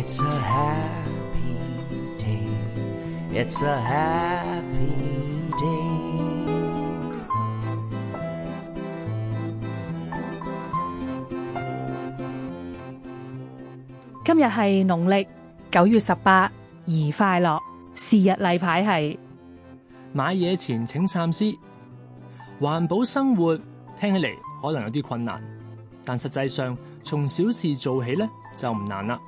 It's a happy day。It's a happy day。今日係農曆九月十八，宜快樂。日禮是日例牌係買嘢前請三思。環保生活聽起嚟可能有啲困難，但實際上從小事做起咧，就唔難啦。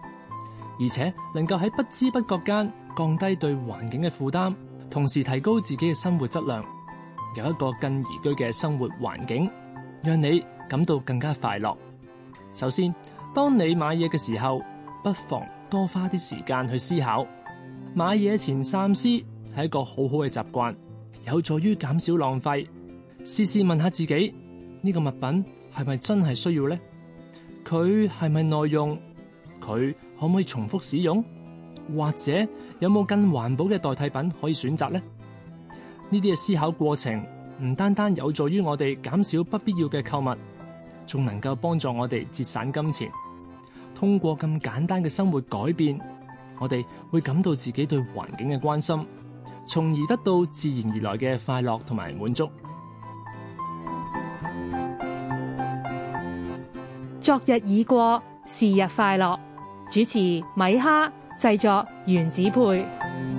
而且能夠喺不知不覺間降低對環境嘅負擔，同時提高自己嘅生活質量，有一個更宜居嘅生活環境，讓你感到更加快樂。首先，當你買嘢嘅時候，不妨多花啲時間去思考，買嘢前三思係一個好好嘅習慣，有助於減少浪費。試試問下自己，呢個物品係咪真係需要呢？佢係咪耐用？佢可唔可以重複使用，或者有冇更環保嘅代替品可以選擇呢？呢啲嘅思考過程唔單單有助於我哋減少不必要嘅購物，仲能夠幫助我哋節省金錢。通過咁簡單嘅生活改變，我哋會感到自己對環境嘅關心，從而得到自然而然嘅快樂同埋滿足。昨日已過。是日快樂，主持米哈，製作原子配。